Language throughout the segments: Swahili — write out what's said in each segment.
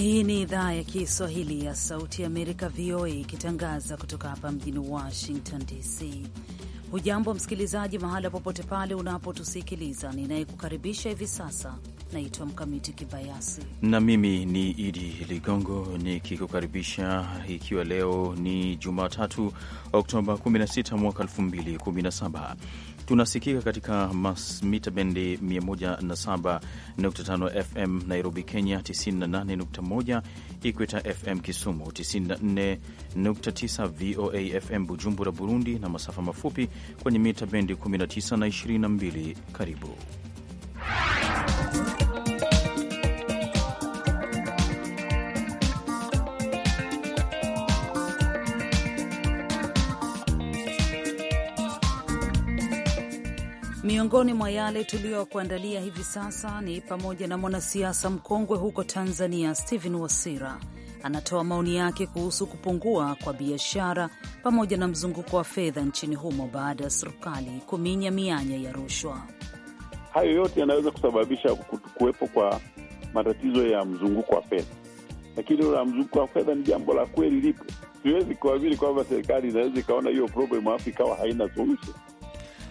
Hii ni idhaa ya Kiswahili ya Sauti ya Amerika, VOA, ikitangaza kutoka hapa mjini Washington DC. Hujambo msikilizaji, mahala popote pale unapotusikiliza. Ninayekukaribisha hivi sasa naitwa Mkamiti Kibayasi na mimi ni Idi Ligongo nikikukaribisha, ikiwa leo ni Jumatatu, Oktoba 16 mwaka 2017. Tunasikika katika mita bendi 107.5 FM Nairobi, Kenya, 98.1 Ikweta FM Kisumu, 94.9 VOA FM Bujumbura, Burundi, na masafa mafupi kwenye mita bendi 19 na 22. Karibu Miongoni mwa yale tuliyokuandalia hivi sasa ni pamoja na mwanasiasa mkongwe huko Tanzania Stephen Wasira anatoa maoni yake kuhusu kupungua kwa biashara pamoja na mzunguko wa fedha nchini humo baada ya serikali kuminya mianya ya rushwa. Hayo yote yanaweza kusababisha kuwepo kwa matatizo ya mzunguko wa fedha, lakini la mzunguko wa fedha ni jambo la kweli lipo. Siwezi kuamini kwamba serikali inaweza ikaona hiyo problem afu ikawa haina solution.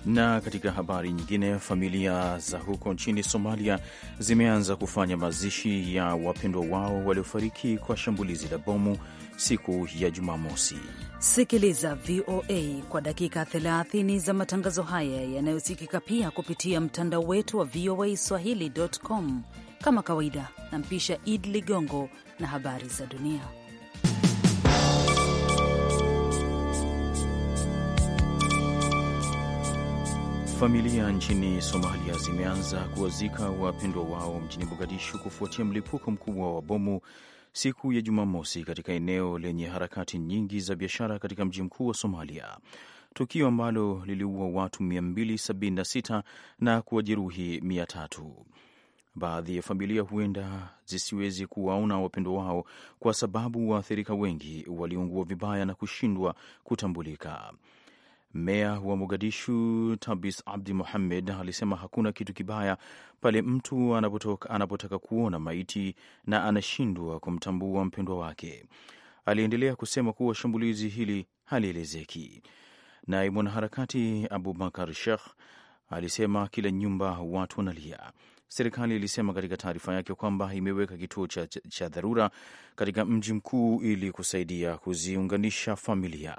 Na katika habari nyingine, familia za huko nchini Somalia zimeanza kufanya mazishi ya wapendwa wao waliofariki kwa shambulizi la bomu siku ya Jumamosi. Sikiliza VOA kwa dakika 30 za matangazo haya yanayosikika pia kupitia mtandao wetu wa VOA swahili.com. Kama kawaida, nampisha Id Ligongo na habari za dunia. Familia nchini Somalia zimeanza kuwazika wapendwa wao mjini Mogadishu kufuatia mlipuko mkubwa wa bomu siku ya Jumamosi katika eneo lenye harakati nyingi za biashara katika mji mkuu wa Somalia, tukio ambalo liliua watu 276 na kuwajeruhi 300. Baadhi ya familia huenda zisiwezi kuwaona wapendwa wao kwa sababu waathirika wengi waliungua vibaya na kushindwa kutambulika. Meya wa Mogadishu Tabis Abdi muhammed alisema hakuna kitu kibaya pale mtu anapotoka, anapotaka kuona maiti na anashindwa kumtambua mpendwa wake. Aliendelea kusema kuwa shambulizi hili halielezeki. Naye mwanaharakati Abubakar Sheikh alisema kila nyumba watu wanalia. Serikali ilisema katika taarifa yake kwamba imeweka kituo cha, cha dharura katika mji mkuu ili kusaidia kuziunganisha familia.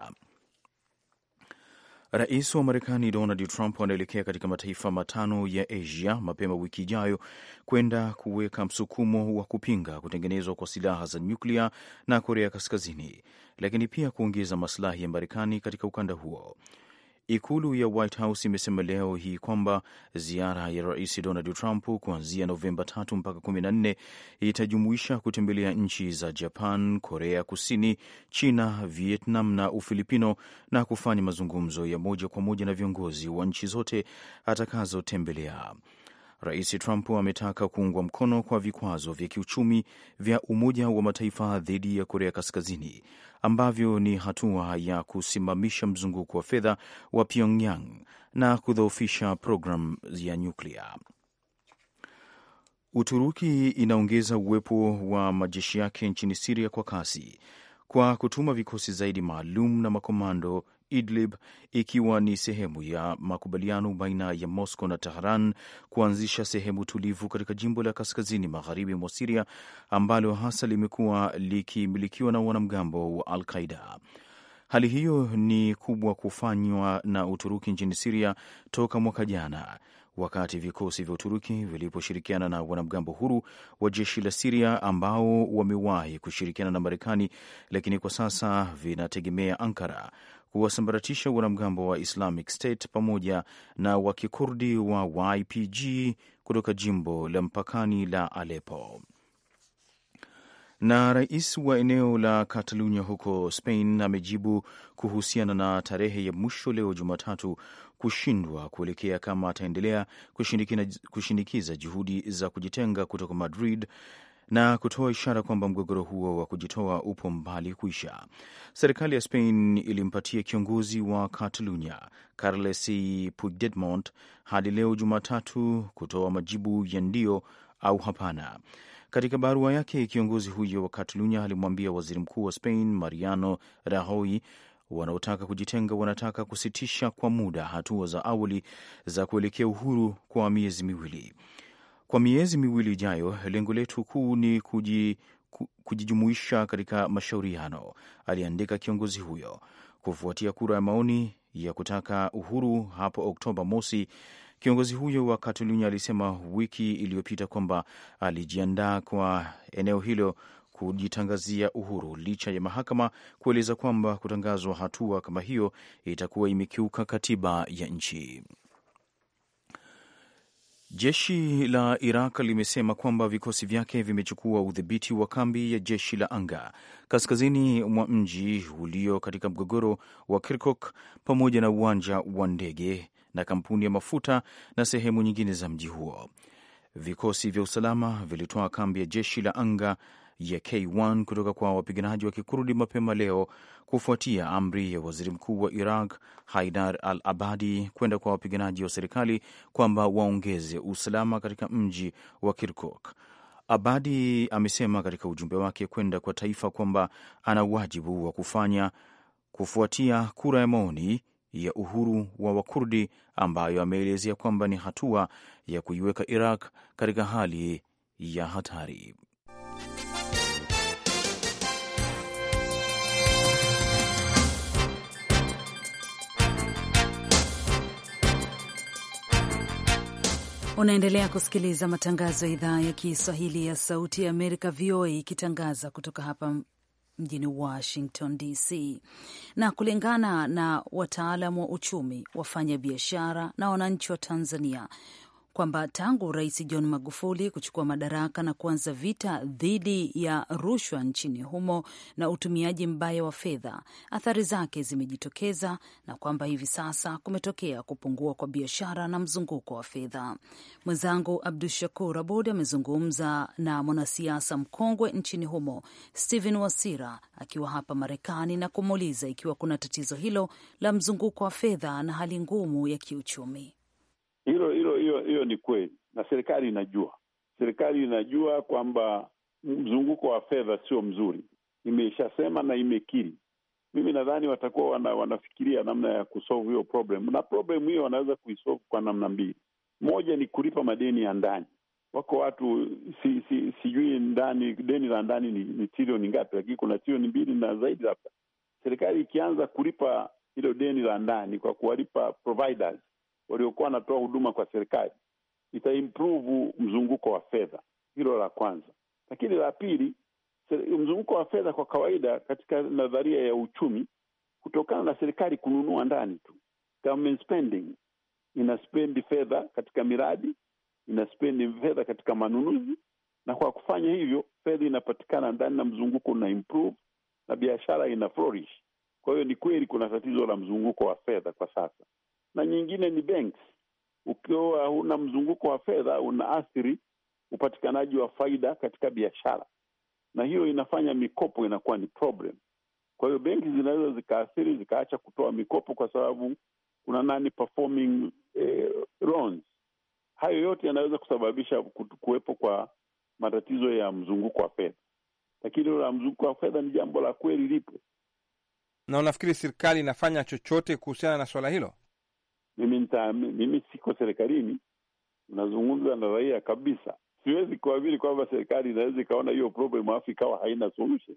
Rais wa Marekani Donald Trump anaelekea katika mataifa matano ya Asia mapema wiki ijayo kwenda kuweka msukumo wa kupinga kutengenezwa kwa silaha za nyuklia na Korea Kaskazini, lakini pia kuongeza masilahi ya Marekani katika ukanda huo. Ikulu ya White House imesema leo hii kwamba ziara ya Rais Donald Trump kuanzia Novemba tatu mpaka kumi na nne itajumuisha kutembelea nchi za Japan, Korea Kusini, China, Vietnam na Ufilipino na kufanya mazungumzo ya moja kwa moja na viongozi wa nchi zote atakazotembelea. Rais Trump ametaka kuungwa mkono kwa vikwazo vya kiuchumi vya Umoja wa Mataifa dhidi ya Korea Kaskazini ambavyo ni hatua ya kusimamisha mzunguko wa fedha wa Pyongyang na kudhoofisha programu ya nyuklia. Uturuki inaongeza uwepo wa majeshi yake nchini Siria kwa kasi kwa kutuma vikosi zaidi maalum na makomando Idlib, ikiwa ni sehemu ya makubaliano baina ya Moscow na Tehran kuanzisha sehemu tulivu katika jimbo la kaskazini magharibi mwa Siria ambalo hasa limekuwa likimilikiwa na wanamgambo wa Al Qaida. Hali hiyo ni kubwa kufanywa na Uturuki nchini Siria toka mwaka jana wakati vikosi vya Uturuki viliposhirikiana na wanamgambo huru wa jeshi la Siria ambao wamewahi kushirikiana na Marekani lakini kwa sasa vinategemea Ankara kuwasambaratisha wanamgambo wa Islamic State pamoja na wa Kikurdi wa YPG kutoka jimbo la mpakani la alepo Na rais wa eneo la Katalunya huko Spain amejibu kuhusiana na tarehe ya mwisho leo Jumatatu kushindwa kuelekea kama ataendelea kushinikiza juhudi za kujitenga kutoka Madrid na kutoa ishara kwamba mgogoro huo wa kujitoa upo mbali kuisha. Serikali ya Spain ilimpatia kiongozi wa Catalunya Carles Puigdemont hadi leo Jumatatu kutoa majibu ya ndio au hapana. Katika barua yake, kiongozi huyo wa Catalunya alimwambia waziri mkuu wa Spain Mariano Rajoy wanaotaka kujitenga wanataka kusitisha kwa muda hatua za awali za kuelekea uhuru kwa miezi miwili. Kwa miezi miwili ijayo, lengo letu kuu ni kuji, ku, kujijumuisha katika mashauriano, aliandika kiongozi huyo kufuatia kura ya maoni ya kutaka uhuru hapo Oktoba mosi. Kiongozi huyo wa Katalunya alisema wiki iliyopita kwamba alijiandaa kwa eneo hilo kujitangazia uhuru licha ya mahakama kueleza kwamba kutangazwa hatua kama hiyo itakuwa imekiuka katiba ya nchi. Jeshi la Iraq limesema kwamba vikosi vyake vimechukua udhibiti wa kambi ya jeshi la anga kaskazini mwa mji ulio katika mgogoro wa Kirkuk pamoja na uwanja wa ndege na kampuni ya mafuta na sehemu nyingine za mji huo. Vikosi vya usalama vilitoa kambi ya jeshi la anga ya K1 kutoka kwa wapiganaji wa Kikurdi mapema leo kufuatia amri ya waziri mkuu wa Iraq Haidar al-Abadi kwenda kwa wapiganaji wa serikali kwamba waongeze usalama katika mji wa Kirkuk. Abadi amesema katika ujumbe wake kwenda kwa taifa kwamba ana wajibu wa kufanya kufuatia kura ya maoni ya uhuru wa Wakurdi ambayo ameelezea kwamba ni hatua ya kuiweka Iraq katika hali ya hatari. Unaendelea kusikiliza matangazo ya idhaa ya Kiswahili ya Sauti ya Amerika, VOA, ikitangaza kutoka hapa mjini Washington DC. Na kulingana na wataalam wa uchumi, wafanya biashara na wananchi wa Tanzania, kwamba tangu Rais John Magufuli kuchukua madaraka na kuanza vita dhidi ya rushwa nchini humo na utumiaji mbaya wa fedha, athari zake zimejitokeza na kwamba hivi sasa kumetokea kupungua kwa biashara na mzunguko wa fedha. Mwenzangu Abdu Shakur Abud amezungumza na mwanasiasa mkongwe nchini humo Stephen Wasira akiwa hapa Marekani na kumuuliza ikiwa kuna tatizo hilo la mzunguko wa fedha na hali ngumu ya kiuchumi. Hilo hiyo hiyo ni kweli, na serikali inajua. Serikali inajua kwamba mzunguko wa fedha sio mzuri, imeshasema na imekiri. Mimi nadhani watakuwa wana, wanafikiria namna ya kusolve hiyo problem, na problem hiyo wanaweza kuisolve kwa namna mbili. Moja ni kulipa madeni ya ndani. Wako watu si, si, sijui ndani deni la ndani ni, ni trilioni ngapi, lakini kuna trilioni mbili na zaidi. Labda serikali ikianza kulipa hilo deni la ndani kwa kuwalipa providers waliokuwa wanatoa huduma kwa serikali, itaimprove mzunguko wa fedha. Hilo la kwanza, lakini la pili, mzunguko wa fedha kwa kawaida katika nadharia ya uchumi kutokana na serikali kununua ndani tu, government spending ina spendi fedha katika miradi, ina spendi fedha katika manunuzi, na kwa kufanya hivyo fedha inapatikana ndani na mzunguko una improve na biashara ina flourish. Kwa hiyo ni kweli kuna tatizo la mzunguko wa fedha kwa sasa na nyingine ni banks. Ukiwa una mzunguko wa fedha, unaathiri upatikanaji wa faida katika biashara, na hiyo inafanya mikopo inakuwa ni problem. Kwa hiyo benki zinaweza zikaathiri, zikaacha kutoa mikopo kwa sababu kuna nani performing eh, loans. Hayo yote yanaweza kusababisha kuwepo kwa matatizo ya mzunguko wa fedha, lakini la mzunguko wa fedha ni jambo la kweli lipo, na unafikiri serikali inafanya chochote kuhusiana na swala hilo? Mimi nita, mimi siko serikalini, nazungumza na raia kabisa. Siwezi kuamini kwamba serikali inaweza ikaona hiyo problem afu ikawa haina solution.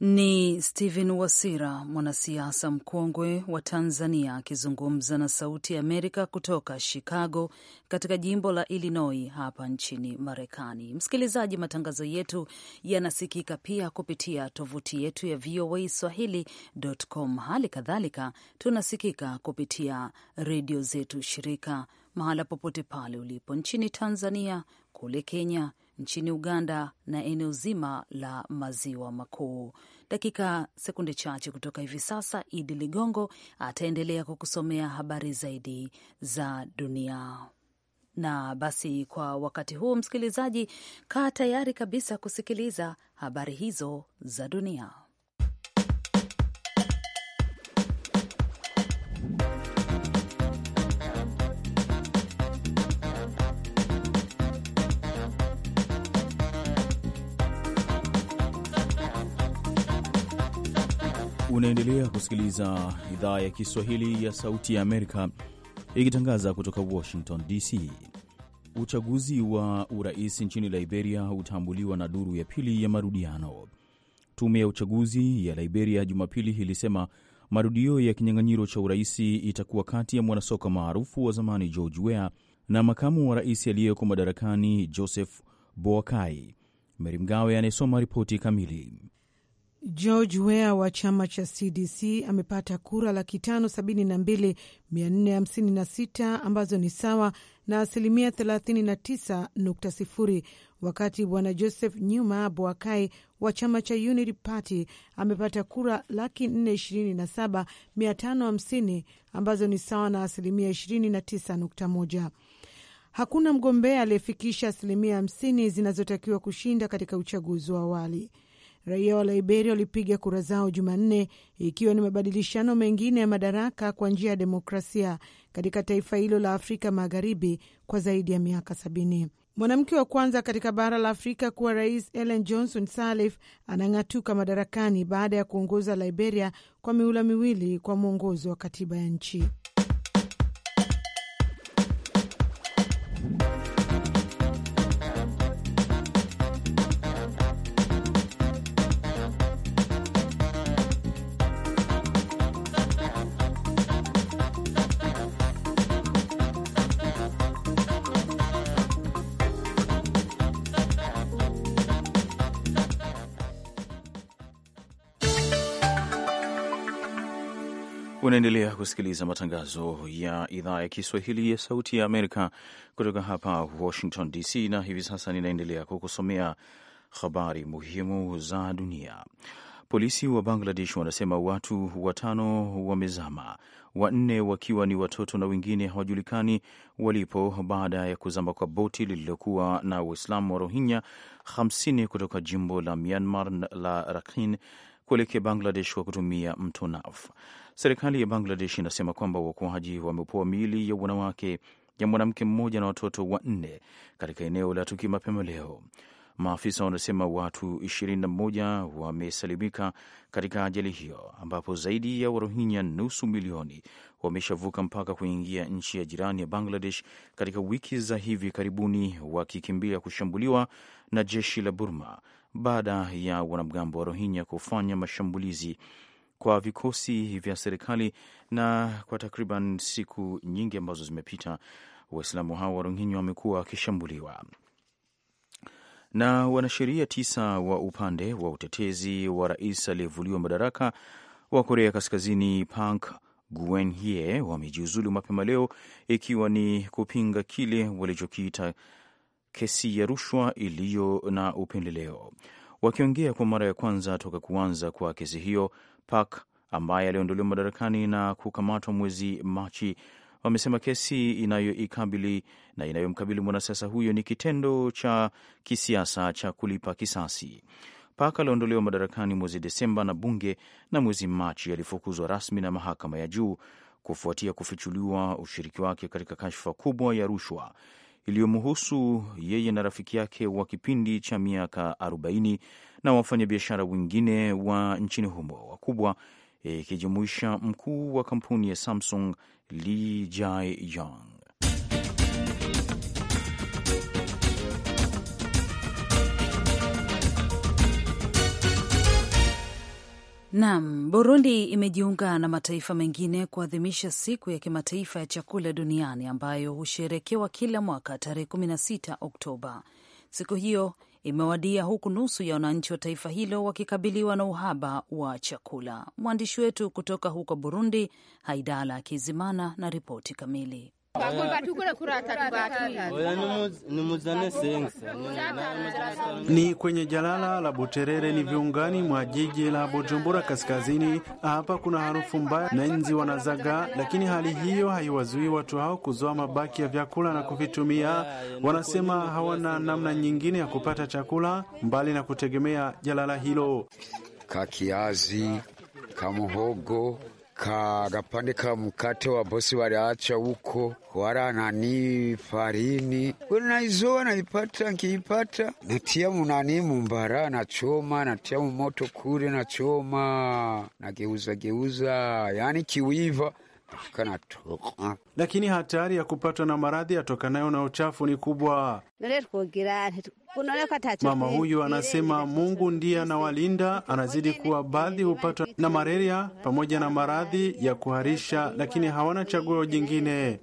Ni stephen Wasira, mwanasiasa mkongwe wa Tanzania, akizungumza na Sauti ya Amerika kutoka Chicago katika jimbo la Illinois hapa nchini Marekani. Msikilizaji, matangazo yetu yanasikika pia kupitia tovuti yetu ya VOA Swahili.com. Hali kadhalika tunasikika kupitia redio zetu shirika mahala popote pale ulipo nchini Tanzania, kule Kenya, nchini Uganda na eneo zima la maziwa makuu. Dakika sekunde chache kutoka hivi sasa, Idi Ligongo ataendelea kukusomea habari zaidi za dunia. Na basi kwa wakati huu, msikilizaji, kaa tayari kabisa kusikiliza habari hizo za dunia. Unaendelea kusikiliza idhaa ya Kiswahili ya Sauti ya Amerika ikitangaza kutoka Washington DC. Uchaguzi wa urais nchini Liberia utaambuliwa na duru ya pili ya marudiano. Tume ya uchaguzi ya Liberia Jumapili ilisema marudio ya kinyang'anyiro cha urais itakuwa kati ya mwanasoka maarufu wa zamani George Weah na makamu wa rais aliyeko madarakani Joseph Boakai. Meri Mgawe anayesoma ripoti kamili. George Weah wa chama cha CDC amepata kura laki tano sabini na mbili mia nne hamsini na sita ambazo ni sawa na asilimia thelathini na tisa nukta sifuri wakati bwana Joseph Nyuma Boakai wa chama cha Unity Party amepata kura laki nne ishirini na saba mia tano hamsini ambazo ni sawa na asilimia ishirini na tisa nukta moja. Hakuna mgombea aliyefikisha asilimia hamsini zinazotakiwa kushinda katika uchaguzi wa awali. Raia wa Liberia walipiga kura zao Jumanne, ikiwa ni mabadilishano mengine ya madaraka kwa njia ya demokrasia katika taifa hilo la Afrika Magharibi kwa zaidi ya miaka sabini. Mwanamke wa kwanza katika bara la Afrika kuwa rais, Ellen Johnson Sirleaf, anang'atuka madarakani baada ya kuongoza Liberia kwa miula miwili kwa mwongozo wa katiba ya nchi. Unaendelea kusikiliza matangazo ya idhaa ya Kiswahili ya Sauti ya Amerika kutoka hapa Washington DC, na hivi sasa ninaendelea kukusomea habari muhimu za dunia. Polisi wa Bangladesh wanasema watu watano wamezama, wanne wakiwa ni watoto na wengine hawajulikani walipo baada ya kuzama kwa boti lililokuwa na Waislamu wa Rohingya 50 kutoka jimbo la Myanmar la Rakhine kuelekea Bangladesh kwa kutumia mto Naf. Serikali ya Bangladesh inasema kwamba waokoaji wameopoa miili ya wanawake ya mwanamke mmoja na watoto wanne katika eneo la tukio mapema leo. Maafisa wanasema watu 21 wamesalimika katika ajali hiyo, ambapo zaidi ya Warohinya nusu milioni wameshavuka mpaka kuingia nchi ya jirani ya Bangladesh katika wiki za hivi karibuni, wakikimbia kushambuliwa na jeshi la Burma baada ya wanamgambo wa Rohinya kufanya mashambulizi kwa vikosi vya serikali, na kwa takriban siku nyingi ambazo zimepita Waislamu hao wa Rohingya wamekuwa wakishambuliwa na wanasheria tisa wa upande wa utetezi wa rais aliyevuliwa madaraka wa Korea Kaskazini Park Geun-hye wamejiuzulu mapema leo, ikiwa ni kupinga kile walichokiita kesi ya rushwa iliyo na upendeleo. Wakiongea kwa mara ya kwanza toka kuanza kwa kesi hiyo, Park ambaye aliondolewa madarakani na kukamatwa mwezi Machi wamesema kesi inayoikabili na inayomkabili mwanasiasa huyo ni kitendo cha kisiasa cha kulipa kisasi. Park aliondolewa madarakani mwezi Desemba na bunge na mwezi Machi alifukuzwa rasmi na mahakama ya juu kufuatia kufichuliwa ushiriki wake katika kashfa kubwa ya rushwa iliyomhusu yeye na rafiki yake wa kipindi cha miaka 40 na wafanyabiashara wengine wa nchini humo wakubwa, ikijumuisha mkuu wa kampuni ya Samsung Lee Jae-yong. Naam, Burundi imejiunga na mataifa mengine kuadhimisha siku ya kimataifa ya chakula duniani ambayo husherekewa kila mwaka tarehe 16 Oktoba. Siku hiyo imewadia huku nusu ya wananchi wa taifa hilo wakikabiliwa na uhaba wa chakula. Mwandishi wetu kutoka huko Burundi, Haidala Kizimana, na ripoti kamili ni kwenye jalala la Buterere, ni viungani mwa jiji la Bujumbura kaskazini. Hapa kuna harufu mbaya na nzi wanazaga, lakini hali hiyo haiwazuii watu hao kuzoa mabaki ya vyakula na kuvitumia. Wanasema hawana namna nyingine ya kupata chakula mbali na kutegemea jalala hilo. Kakiazi, kamuhogo ka ka mkate wa bosi waliacha huko, wala nani farini kweli, naizoa naipata, nkiipata natia munani mumbara, nachoma natia mumoto kule, nachoma nageuza geuza, yani kiwiva lakini hatari ya kupatwa na maradhi yatokanayo na uchafu ni kubwa. Mama huyu anasema Mungu ndiye anawalinda, anazidi kuwa baadhi hupatwa na malaria pamoja na maradhi ya kuharisha, lakini hawana chaguo jingine.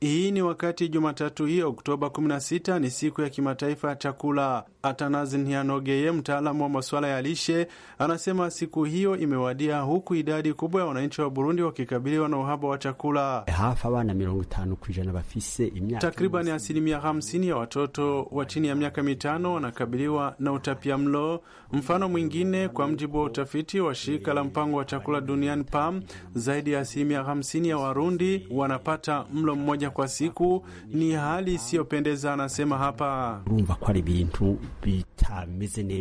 Hii ni wakati Jumatatu hii Oktoba 16 ni siku ya kimataifa ya chakula. Atanazi nianogeye mtaalamu wa masuala ya lishe, anasema siku hiyo imewadia, huku idadi kubwa ya wananchi wa Burundi wakikabiliwa na uhaba wa chakula. Takribani asilimia hamsini ya watoto wa chini ya miaka mitano wanakabiliwa na utapia mlo. Mfano mwingine, kwa mjibu wa utafiti wa shirika la mpango wa chakula duniani PAM, zaidi ya asilimia hamsini ya Warundi wanapata mlo mmoja kwa siku. Ni hali isiyopendeza, anasema hapa.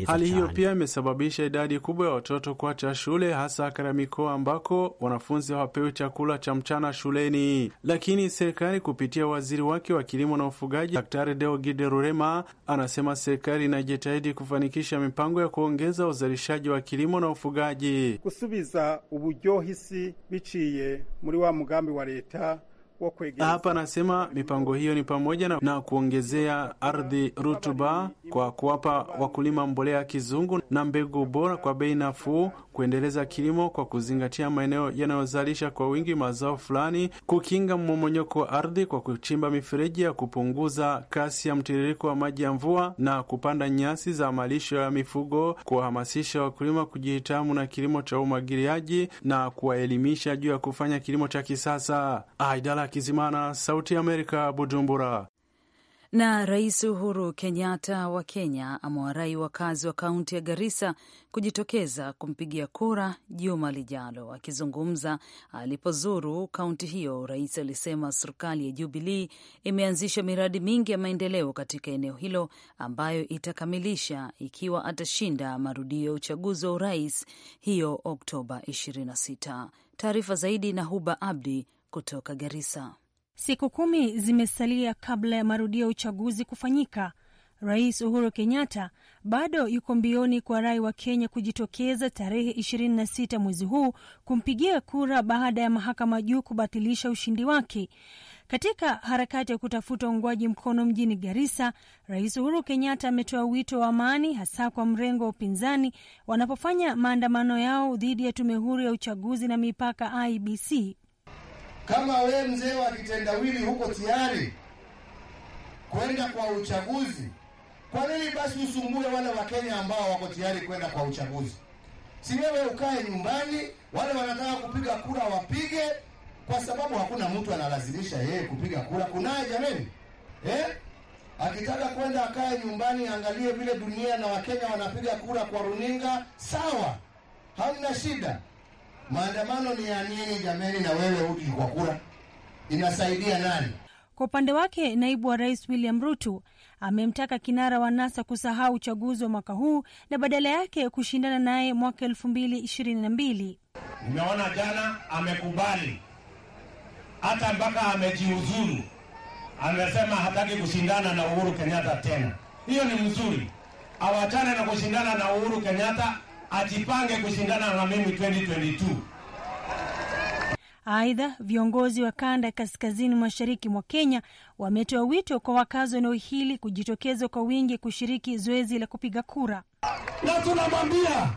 Hali hiyo pia imesababisha idadi kubwa ya watoto kuacha shule, hasa katika mikoa ambako wanafunzi hawapewi chakula cha mchana shuleni. Lakini serikali kupitia waziri wake wa kilimo na ufugaji Daktari Deogide Rurema anasema serikali inajitahidi kufanikisha mipango ya kuongeza uzalishaji wa kilimo na ufugaji, kusubiza uburyohisi biciye muri wa mugambi wa leta hapa anasema mipango hiyo ni pamoja na, na kuongezea ardhi rutuba kwa kuwapa wakulima mbolea ya kizungu na mbegu bora kwa bei nafuu, kuendeleza kilimo kwa kuzingatia maeneo yanayozalisha kwa wingi mazao fulani, kukinga mmomonyoko wa ardhi kwa kuchimba mifereji ya kupunguza kasi ya mtiririko wa maji ya mvua na kupanda nyasi za malisho ya mifugo, kuwahamasisha wakulima kujihitamu na kilimo cha umwagiliaji na kuwaelimisha juu ya kufanya kilimo cha kisasa. Aidala Kizimana, Sauti ya Amerika, Bujumbura. Na Rais Uhuru Kenyatta wa Kenya amewarai wakazi wa kaunti ya Garissa kujitokeza kumpigia kura juma lijalo. Akizungumza alipozuru kaunti hiyo, rais alisema serikali ya Jubilii imeanzisha miradi mingi ya maendeleo katika eneo hilo ambayo itakamilisha ikiwa atashinda marudio ya uchaguzi wa urais hiyo Oktoba 26. Taarifa zaidi na Huba Abdi kutoka Garissa. Siku kumi zimesalia kabla ya marudio ya uchaguzi kufanyika. Rais Uhuru Kenyatta bado yuko mbioni kwa rai wa Kenya kujitokeza tarehe 26 mwezi huu kumpigia kura baada ya mahakama juu kubatilisha ushindi wake. Katika harakati ya kutafuta uungwaji mkono mjini Garissa, Rais Uhuru Kenyatta ametoa wito wa amani, hasa kwa mrengo wa upinzani wanapofanya maandamano yao dhidi ya tume huru ya uchaguzi na mipaka IBC. Kama we mzee wa kitendawili huko tayari kwenda kwa uchaguzi, kwa nini basi usumbue wale Wakenya ambao wako tayari kwenda kwa uchaguzi? Si wewe ukae nyumbani, wale wanataka kupiga kura wapige, kwa sababu hakuna mtu analazimisha yeye kupiga kura. Kunaye jameni, eh? Akitaka kwenda akae nyumbani, angalie vile dunia na Wakenya wanapiga kura kwa runinga, sawa, hamna shida. Maandamano ni ya nini jameni Na wewe hudi kwa kura inasaidia nani? Kwa upande wake, naibu wa rais William Ruto amemtaka kinara wa NASA kusahau uchaguzi wa mwaka huu na badala yake kushindana naye mwaka elfu mbili ishirini na mbili. Nimeona jana amekubali hata mpaka amejiuzuru, amesema hataki kushindana na Uhuru Kenyatta tena. Hiyo ni mzuri, awachane na kushindana na Uhuru Kenyatta ajipange kushindana na mimi 2022. Aidha, viongozi wa kanda ya kaskazini mashariki mwa Kenya wametoa wito kwa wakazi wa eneo hili kujitokeza kwa wingi kushiriki zoezi la kupiga kura, na tunamwambia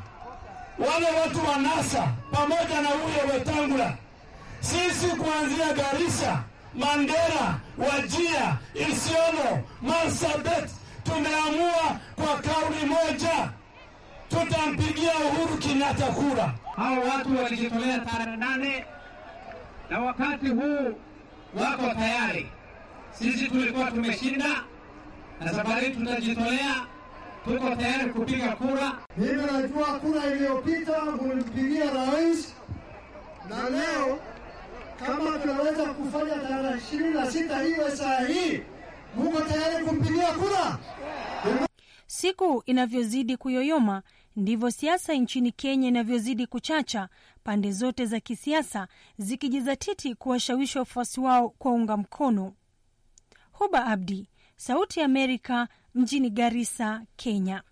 wale watu wa NASA pamoja na huyo Wetangula, sisi kuanzia Garissa, Mandera, Wajia, Isiolo, Marsabit tumeamua kwa kauli moja tutampigia Uhuru Kenyatta kura. Hao watu walijitolea tarehe nane na wakati huu wako tayari. Sisi tulikuwa tumeshinda na safari tutajitolea, tuko tayari kupiga kura. Mimi najua kura iliyopita mulimpigia rais, na leo kama tunaweza kufanya tarehe ishirini na sita iwe saa hii, muko tayari kumpigia kura? Siku inavyozidi kuyoyoma Ndivyo siasa nchini Kenya inavyozidi kuchacha, pande zote za kisiasa zikijizatiti kuwashawishi wafuasi wao kwa unga mkono. Huba Abdi, Sauti ya Amerika, mjini Garissa, Kenya.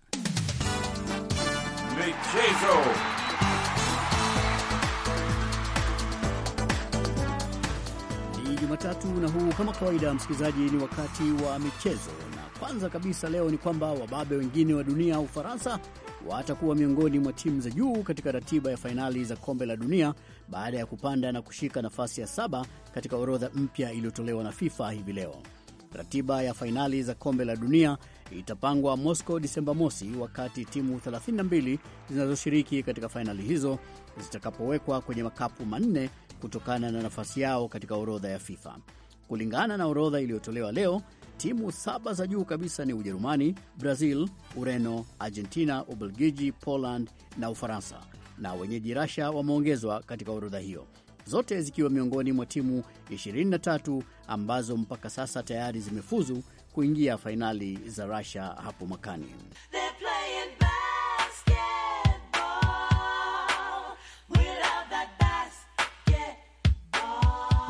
Michezo. Ni Jumatatu na huu kama kawaida, msikilizaji, ni wakati wa michezo, na kwanza kabisa leo ni kwamba wababe wengine wa dunia Ufaransa watakuwa miongoni mwa timu za juu katika ratiba ya fainali za kombe la dunia baada ya kupanda na kushika nafasi ya saba katika orodha mpya iliyotolewa na FIFA hivi leo. Ratiba ya fainali za kombe la dunia itapangwa Moscow Disemba mosi, wakati timu 32 zinazoshiriki katika fainali hizo zitakapowekwa kwenye makapu manne kutokana na nafasi yao katika orodha ya FIFA. Kulingana na orodha iliyotolewa leo, Timu saba za juu kabisa ni Ujerumani, Brazil, Ureno, Argentina, Ubelgiji, Poland na Ufaransa, na wenyeji Rasha wameongezwa katika orodha hiyo, zote zikiwa miongoni mwa timu 23 ambazo mpaka sasa tayari zimefuzu kuingia fainali za Rasha hapo mwakani.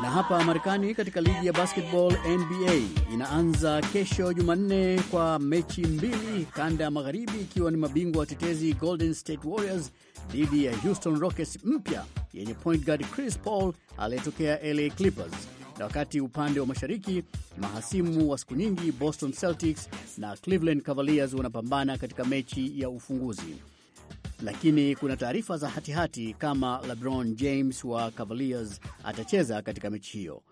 Na hapa Marekani, katika ligi ya basketball NBA inaanza kesho Jumanne kwa mechi mbili, kanda ya magharibi, ikiwa ni mabingwa watetezi Golden State Warriors dhidi ya Houston Rockets mpya yenye point guard Chris Paul aliyetokea LA Clippers, na wakati upande wa mashariki mahasimu wa siku nyingi Boston Celtics na Cleveland Cavaliers wanapambana katika mechi ya ufunguzi lakini kuna taarifa za hatihati hati kama LeBron James wa Cavaliers atacheza katika mechi hiyo.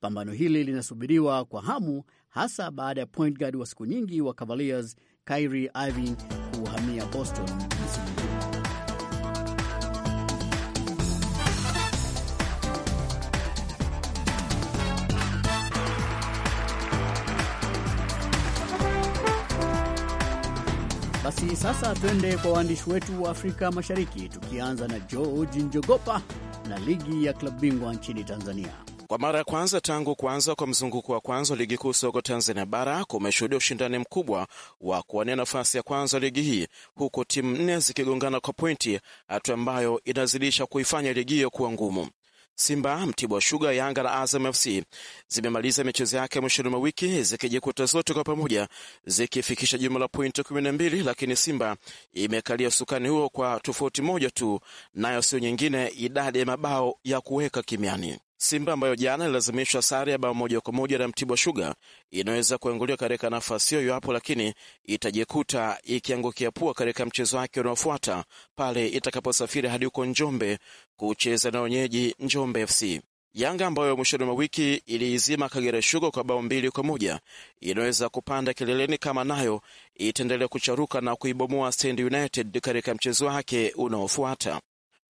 Pambano hili linasubiriwa kwa hamu, hasa baada ya point guard wa siku nyingi wa Cavaliers Kyrie Irving kuhamia Boston msimu Basi sasa twende kwa waandishi wetu wa Afrika Mashariki, tukianza na George Njogopa na ligi ya klabu bingwa nchini Tanzania. Kwa mara ya kwanza tangu kuanza kwa mzunguko wa kwanza wa ligi kuu soko Tanzania bara kumeshuhudia ushindani mkubwa wa kuwania nafasi ya kwanza ligi hii, huku timu nne zikigongana kwa pointi, hatua ambayo inazidisha kuifanya ligi hiyo kuwa ngumu. Simba, Mtibwa Shuga, Yanga na Azam FC zimemaliza michezo yake ya mwishoni mwa wiki zikijikuta zote kwa pamoja zikifikisha jumla la pointi kumi na mbili, lakini Simba imekalia usukani huo kwa tofauti moja tu, nayo sio nyingine idadi ya mabao ya kuweka kimiani. Simba ambayo jana ililazimishwa sare ya bao moja kwa moja na Mtibwa shuga inaweza kuanguliwa katika nafasi hiyo iwapo, lakini itajikuta ikiangukia pua katika mchezo wake unaofuata pale itakaposafiri hadi huko Njombe kucheza na wenyeji Njombe FC. Yanga ambayo mwishoni mwa wiki iliizima Kagera shuga kwa bao mbili kwa moja inaweza kupanda kileleni kama nayo itaendelea kucharuka na kuibomoa Stand United katika mchezo wake unaofuata.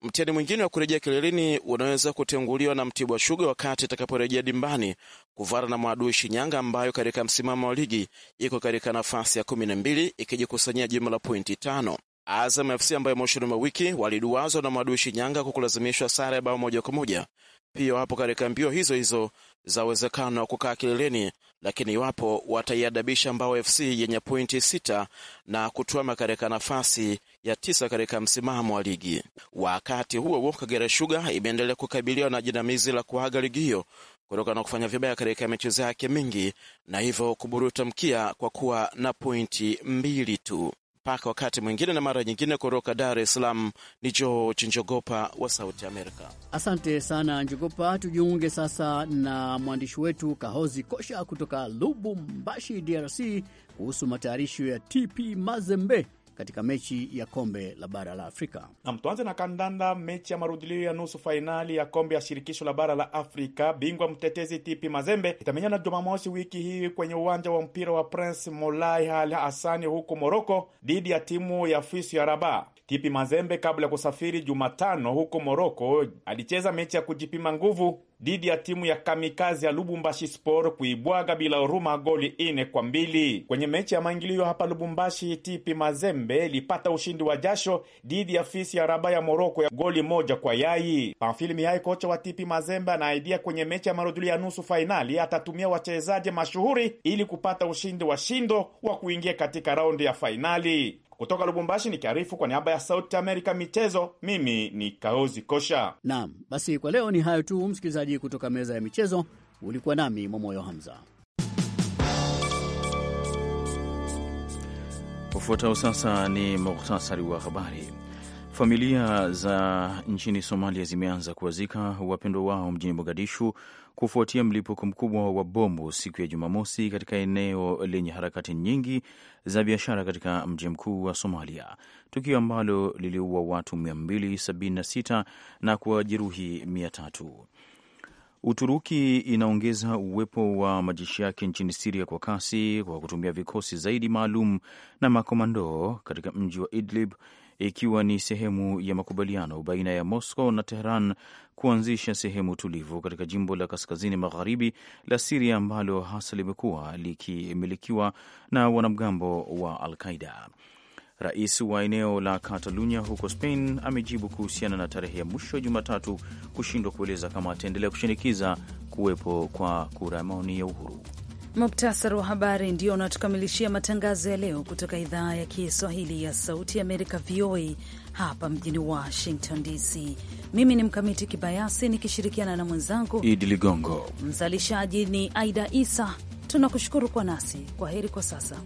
Mtihani mwingine wa kurejea kileleni unaweza kutenguliwa na Mtibwa shuga wakati itakaporejea dimbani kuvara na Mwadui Shinyanga, ambayo katika msimamo wa ligi iko katika nafasi ya kumi na mbili ikijikusanyia jumla pointi tano. Azam FC ambayo mwishoni mwa wiki waliduwazwa na Mwadui Shinyanga kwa kulazimishwa sare ya bao moja kwa moja pia wapo katika mbio hizo hizo za uwezekano wa kukaa kileleni lakini iwapo wataiadabisha Mbao FC yenye pointi sita na kutwama katika nafasi ya tisa katika msimamo wa ligi. Wakati huo huo, Kagera Sugar imeendelea kukabiliwa na jinamizi la kuaga ligi hiyo kutokana na kufanya vibaya katika mechi zake mingi na hivyo kuburuta mkia kwa kuwa na pointi mbili tu mpaka wakati mwingine na mara nyingine. Kutoka Dar es Salaam ni George Njogopa wa Sauti Amerika. Asante sana Njogopa. Tujiunge sasa na mwandishi wetu Kahozi Kosha kutoka Lubumbashi, DRC, kuhusu matayarisho ya TP Mazembe katika mechi ya kombe la bara la Afrika. Nam, tuanze na kandanda. Mechi ya marudhulio ya nusu fainali ya kombe ya shirikisho la bara la Afrika, bingwa mtetezi tp Mazembe itamenyana Jumamosi wiki hii kwenye uwanja wa mpira wa Prince Moulay Al Hassani huko Moroko dhidi ya timu ya fisu ya Rabat. Tipi Mazembe kabla ya kusafiri Jumatano huko Moroko alicheza mechi ya kujipima nguvu dhidi ya timu ya Kamikazi ya Lubumbashi Sport kuibwaga bila huruma goli ine kwa mbili kwenye mechi ya maingilio hapa Lubumbashi. Tipi Mazembe ilipata ushindi wa jasho dhidi ya Fisi ya Raba ya Moroko ya goli moja kwa yai. Pamfili yai kocha wa Tipi Mazembe, anaaidia kwenye mechi ya marudulio ya nusu fainali atatumia wachezaji mashuhuri ili kupata ushindi wa shindo wa kuingia katika raundi ya fainali. Kutoka Lubumbashi kiarifu kwa niaba ya Sauti Amerika michezo, mimi ni Kaozi Kosha. Naam, basi kwa leo ni hayo tu, msikilizaji. Kutoka meza ya michezo ulikuwa nami Mwamoyo Hamza. Ufuatao sasa ni muhtasari wa habari. Familia za nchini Somalia zimeanza kuwazika wapendwa wao mjini Mogadishu kufuatia mlipuko mkubwa wa bomu siku ya Jumamosi katika eneo lenye harakati nyingi za biashara katika mji mkuu wa Somalia, tukio ambalo liliua watu 276 na kuwajeruhi 300. Uturuki inaongeza uwepo wa majeshi yake nchini Siria kwa kasi kwa kutumia vikosi zaidi maalum na makomando katika mji wa Idlib ikiwa ni sehemu ya makubaliano baina ya Moscow na Tehran kuanzisha sehemu tulivu katika jimbo la kaskazini magharibi la Siria ambalo hasa limekuwa likimilikiwa na wanamgambo wa Al-Qaida. Rais wa eneo la Katalunya huko Spain amejibu kuhusiana na tarehe ya mwisho ya Jumatatu kushindwa kueleza kama ataendelea kushinikiza kuwepo kwa kura ya maoni ya uhuru. Muktasari wa habari ndio unatukamilishia matangazo ya leo kutoka idhaa ya Kiswahili ya Sauti ya Amerika, VOA hapa mjini Washington DC. Mimi ni Mkamiti Kibayasi nikishirikiana na mwenzangu Idi Ligongo. Mzalishaji ni Aida Isa. Tunakushukuru kwa nasi. Kwa heri kwa sasa.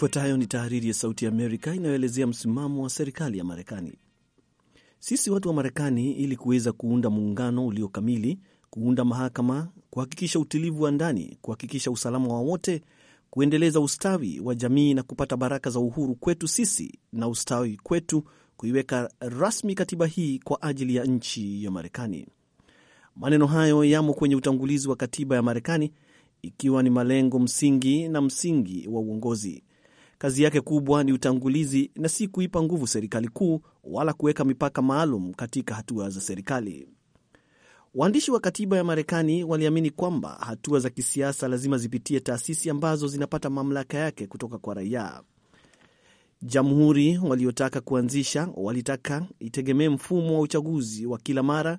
Ifuatayo ni tahariri ya Sauti ya Amerika inayoelezea msimamo wa serikali ya Marekani. Sisi watu wa Marekani, ili kuweza kuunda muungano ulio kamili, kuunda mahakama, kuhakikisha utulivu wa ndani, kuhakikisha usalama wa wote, kuendeleza ustawi wa jamii na kupata baraka za uhuru kwetu sisi na ustawi kwetu, kuiweka rasmi katiba hii kwa ajili ya nchi ya Marekani. Maneno hayo yamo kwenye utangulizi wa katiba ya Marekani, ikiwa ni malengo msingi na msingi wa uongozi. Kazi yake kubwa ni utangulizi na si kuipa nguvu serikali kuu wala kuweka mipaka maalum katika hatua za serikali. Waandishi wa katiba ya Marekani waliamini kwamba hatua za kisiasa lazima zipitie taasisi ambazo zinapata mamlaka yake kutoka kwa raia. Jamhuri waliotaka kuanzisha walitaka itegemee mfumo wa uchaguzi wa kila mara,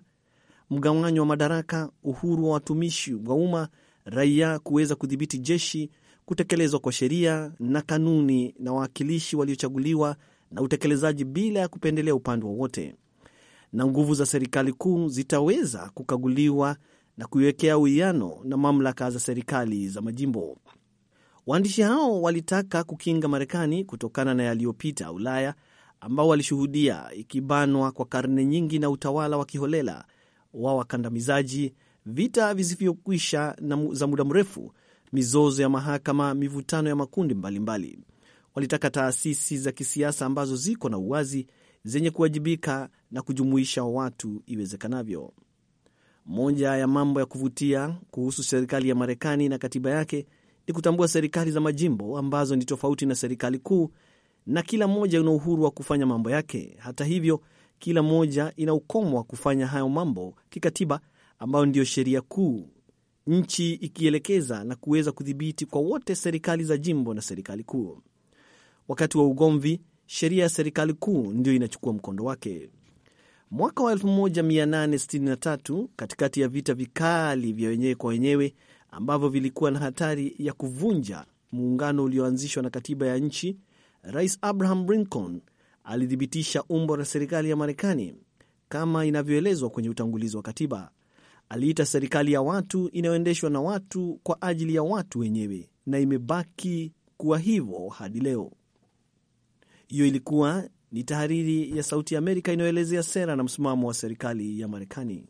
mgawanyo wa madaraka, uhuru wa watumishi wa umma, raia kuweza kudhibiti jeshi kutekelezwa kwa sheria na kanuni na wawakilishi waliochaguliwa na utekelezaji bila ya kupendelea upande wowote. Na nguvu za serikali kuu zitaweza kukaguliwa na kuiwekea uwiano na mamlaka za serikali za majimbo. Waandishi hao walitaka kukinga Marekani kutokana na yaliyopita Ulaya, ambao walishuhudia ikibanwa kwa karne nyingi na utawala wa kiholela wa wakandamizaji, vita visivyokwisha na za muda mrefu mizozo ya mahakama, mivutano ya makundi mbalimbali mbali. Walitaka taasisi za kisiasa ambazo ziko na uwazi, zenye kuwajibika na kujumuisha watu iwezekanavyo. Moja ya mambo ya kuvutia kuhusu serikali ya Marekani na katiba yake ni kutambua serikali za majimbo ambazo ni tofauti na serikali kuu, na kila moja ina uhuru wa kufanya mambo yake. Hata hivyo, kila moja ina ukomo wa kufanya hayo mambo kikatiba, ambayo ndiyo sheria kuu nchi ikielekeza na kuweza kudhibiti kwa wote serikali za jimbo na serikali kuu. Wakati wa ugomvi, sheria ya serikali kuu ndiyo inachukua mkondo wake. Mwaka wa 1863 katikati ya vita vikali vya wenyewe kwa wenyewe ambavyo vilikuwa na hatari ya kuvunja muungano ulioanzishwa na katiba ya nchi, Rais Abraham Lincoln alithibitisha umbo la serikali ya Marekani kama inavyoelezwa kwenye utangulizi wa katiba. Aliita serikali ya watu inayoendeshwa na watu kwa ajili ya watu wenyewe, na imebaki kuwa hivyo hadi leo. Hiyo ilikuwa ni tahariri ya Sauti ya Amerika inayoelezea sera na msimamo wa serikali ya Marekani.